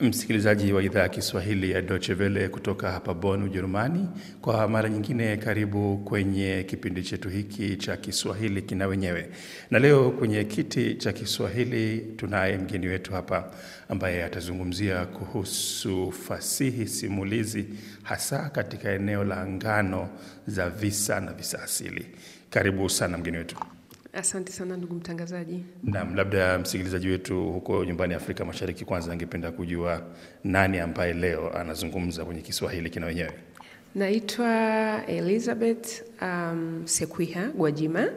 Msikilizaji wa idhaa ya Kiswahili ya Deutsche Welle kutoka hapa Bonn, Ujerumani, kwa mara nyingine karibu kwenye kipindi chetu hiki cha Kiswahili kina wenyewe. Na leo kwenye kiti cha Kiswahili tunaye mgeni wetu hapa ambaye atazungumzia kuhusu fasihi simulizi, hasa katika eneo la ngano za visa na visa asili. Karibu sana mgeni wetu. Asante sana ndugu mtangazaji. Naam, labda msikilizaji wetu huko nyumbani Afrika Mashariki, kwanza angependa kujua nani ambaye leo anazungumza kwenye Kiswahili kina wenyewe. Naitwa Elizabeth um, Sekwiha Gwajima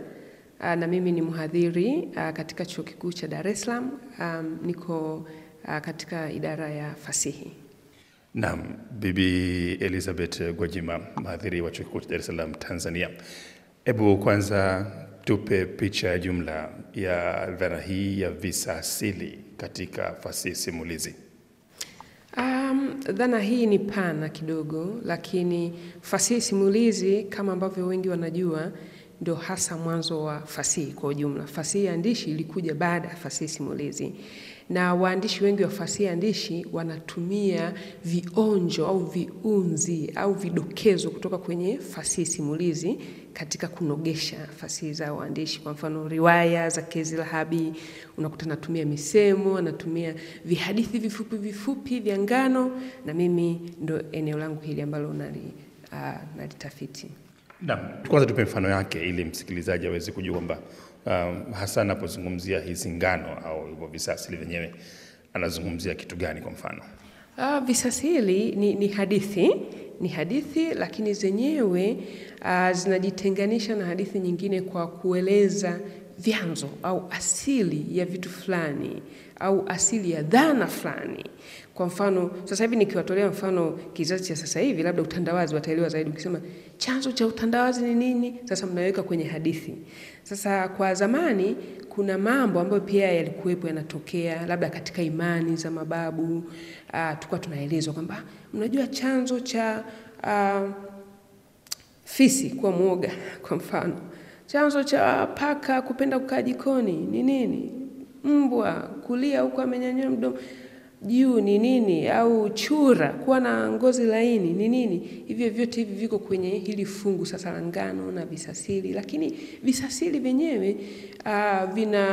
uh, na mimi ni mhadhiri uh, katika chuo kikuu cha Dar es Salaam um, niko uh, katika idara ya fasihi. Naam, Bibi Elizabeth Gwajima, mhadhiri wa chuo kikuu cha Dar es Salaam, Tanzania. Hebu kwanza tupe picha ya jumla ya dhana hii ya visa asili katika fasihi simulizi. Um, dhana hii ni pana kidogo, lakini fasihi simulizi kama ambavyo wengi wanajua ndio hasa mwanzo wa fasihi kwa ujumla. Fasihi ya andishi ilikuja baada ya fasihi simulizi na waandishi wengi wa fasihi andishi wanatumia vionjo au viunzi au vidokezo kutoka kwenye fasihi simulizi katika kunogesha fasihi za waandishi. Kwa mfano, riwaya za Kezi Lahabi unakuta anatumia misemo, anatumia vihadithi vifupi vifupi vya ngano, na mimi ndo eneo langu hili ambalo nali, uh, nalitafiti. Naam, kwanza tupe mfano yake ili msikilizaji aweze kujua kwamba um, hasa anapozungumzia hizi ngano au hivyo visasi vyenyewe anazungumzia kitu gani kwa mfano? Uh, visasi hili ni, ni hadithi ni hadithi lakini zenyewe uh, zinajitenganisha na hadithi nyingine kwa kueleza vyanzo au asili ya vitu fulani au asili ya dhana fulani. Kwa mfano sasa hivi nikiwatolea mfano kizazi cha sasa hivi, labda utandawazi wataelewa zaidi. Ukisema chanzo cha utandawazi ni nini, sasa mnaweka kwenye hadithi. Sasa kwa zamani, kuna mambo ambayo pia yalikuwepo yanatokea, labda katika imani za mababu, ah, tulikuwa tunaelezwa kwamba mnajua chanzo cha a, ah, fisi kuwa mwoga, kwa mfano chanzo cha paka kupenda kukaa jikoni ni nini, mbwa kulia huko amenyanyua mdomo juu ni nini, au chura, kuwa na ngozi laini ni nini. Hivyo vyote hivi viko kwenye hili fungu sasa la ngano na visasili, lakini visasili vyenyewe uh, vina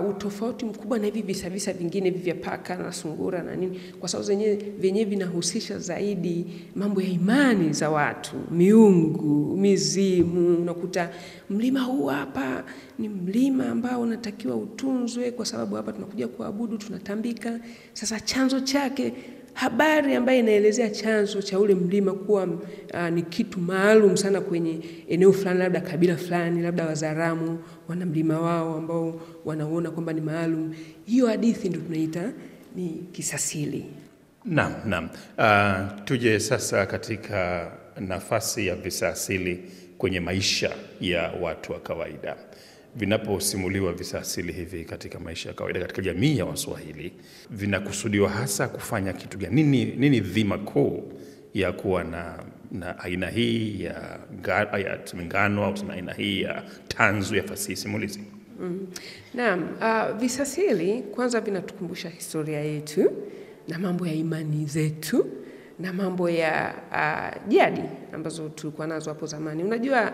uh, utofauti mkubwa na hivi visavisa vingine hivi vya paka na sungura na nini, kwa sababu zenyewe vyenyewe vinahusisha zaidi mambo ya imani za watu, miungu, mizimu. Unakuta mlima huu hapa ni mlima ambao unatakiwa utunzwe, kwa sababu hapa tunakuja kuabudu, tunatambika sasa sasa chanzo chake habari ambayo inaelezea chanzo cha ule mlima kuwa uh, ni kitu maalum sana kwenye eneo fulani, labda kabila fulani, labda Wazaramu wana mlima wao ambao wanaona kwamba ni maalum. Hiyo hadithi ndio tunaita ni kisasili. Naam, naam. Uh, tuje sasa katika nafasi ya visasili kwenye maisha ya watu wa kawaida vinaposimuliwa visasili hivi katika maisha ya kawaida katika jamii ya Waswahili vinakusudiwa hasa kufanya kitu gani? Nini, nini dhima kuu ya kuwa na, na aina hii ya, ya ngano au tuna aina hii ya tanzu ya fasihi simulizi? Mm. Naam, uh, visasili kwanza vinatukumbusha historia yetu na mambo ya imani zetu na mambo ya uh, jadi ambazo tulikuwa nazo hapo zamani. Unajua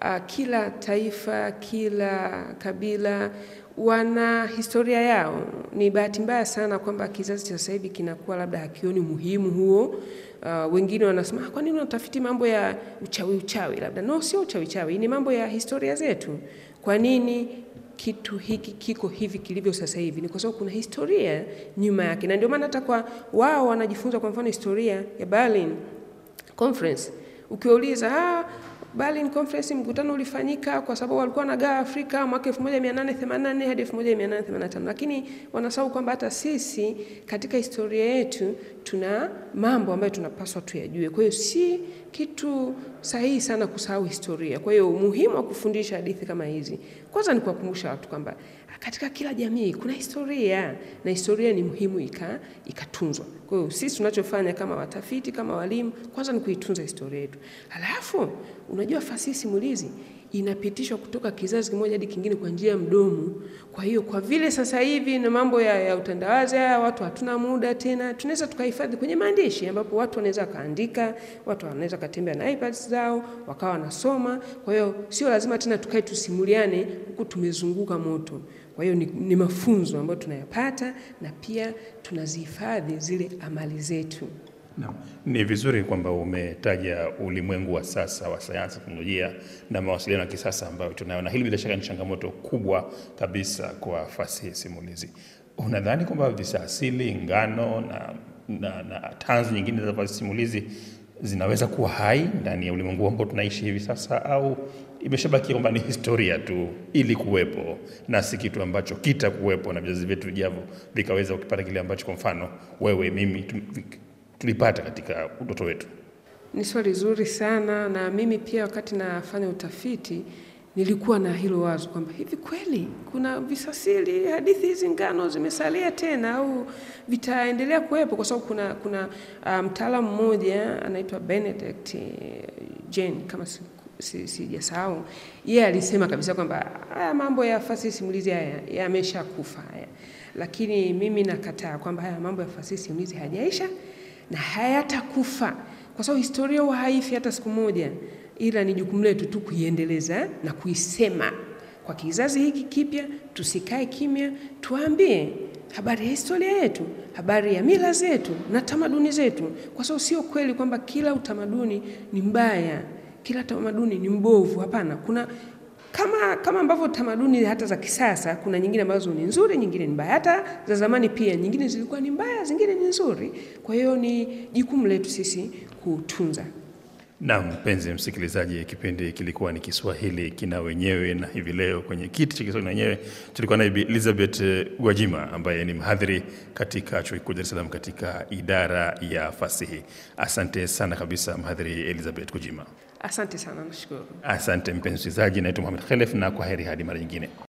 Ah, kila taifa, kila kabila wana historia yao. Ni bahati mbaya sana kwamba kizazi cha sasa hivi kinakuwa labda hakioni muhimu huo. Uh, wengine wanasema ah, kwa nini unatafiti mambo ya uchawi uchawi? Labda no, sio uchawi uchawi, ni mambo ya historia zetu. Kwa nini kitu hiki kiko hivi kilivyo sasa hivi? Ni kwa sababu kuna historia nyuma yake, na ndio maana hata kwa wao wanajifunza, kwa mfano historia ya Berlin Conference, ukiwauliza bali ni conference mkutano ulifanyika kwa sababu walikuwa wanagaa Afrika mwaka 1884 hadi 1885, lakini wanasahau kwamba hata sisi katika historia yetu tuna mambo ambayo tunapaswa tuyajue. Kwa hiyo si kitu sahihi sana kusahau historia. Kwa hiyo umuhimu wa kufundisha hadithi kama hizi, kwanza ni kuwakumbusha watu kwamba katika kila jamii kuna historia na historia ni muhimu ika, ikatunzwa. Kwa hiyo sisi tunachofanya kama watafiti, kama walimu, kwanza ni kuitunza historia yetu. Halafu unajua fasihi simulizi inapitishwa kutoka kizazi kimoja hadi kingine kwa njia ya mdomo. Kwa hiyo kwa vile sasa hivi na mambo ya, ya utandawazi haya, watu hatuna muda tena, tunaweza tukahifadhi kwenye maandishi, ambapo watu wanaweza kaandika, watu wanaweza katembea na iPads zao wakawa wanasoma. Kwa hiyo sio lazima tena tukae tusimuliane huku tumezunguka moto. Kwa hiyo ni, ni mafunzo ambayo tunayapata na pia tunazihifadhi zile amali zetu. Na, Ni vizuri kwamba umetaja ulimwengu wa sasa wa sayansi, teknolojia na mawasiliano ya kisasa ambayo tunayo, na hili bila shaka ni changamoto kubwa kabisa kwa fasihi simulizi. Unadhani kwamba visasili, ngano na, na, na tanzu nyingine za fasihi simulizi zinaweza kuwa hai ndani ya ulimwengu ambao tunaishi hivi sasa, au imeshabakia kwamba ni historia tu ili kuwepo na si kitu ambacho kitakuwepo na vizazi vyetu vijavyo vikaweza kupata kile ambacho, kwa mfano, wewe mimi tulipata katika utoto wetu. Ni swali zuri sana, na mimi pia wakati nafanya utafiti nilikuwa na hilo wazo kwamba hivi kweli kuna visasili hadithi hizi ngano zimesalia tena au vitaendelea kuwepo? Kwa sababu kuna, kuna ah, mtaalamu um, mmoja anaitwa Benedict eh, Jane kama sijasahau, si, si, yeye yeah, alisema kabisa kwamba haya mambo ya fasihi simulizi haya yameshakufa haya, lakini mimi nakataa kwamba haya mambo ya fasihi simulizi hayajaisha na hayatakufa kwa sababu historia huwa haifi hata siku moja, ila ni jukumu letu tu kuiendeleza na kuisema kwa kizazi hiki kipya. Tusikae kimya, tuambie habari ya historia yetu, habari ya mila zetu na tamaduni zetu, kwa sababu sio kweli kwamba kila utamaduni ni mbaya, kila tamaduni ni mbovu. Hapana, kuna kama, kama ambavyo tamaduni hata za kisasa kuna nyingine ambazo ni nzuri, nyingine ni mbaya, hata za zamani pia nyingine zilikuwa ni mbaya, zingine ni nzuri. Kwa hiyo ni jukumu letu sisi kutunza. Na mpenzi msikilizaji, kipindi kilikuwa ni Kiswahili kina wenyewe, na hivi leo kwenye kiti cha Kiswahili wenyewe tulikuwa na Elizabeth Gwajima ambaye ni mhadhiri katika chuo kikuu Dar es Salaam katika idara ya fasihi. Asante sana kabisa mhadhiri Elizabeth Gwajima. Asante sana, nashukuru. Asante mpenzi msikilizaji, naitwa Mohamed Khelef na kwa heri hadi mara nyingine.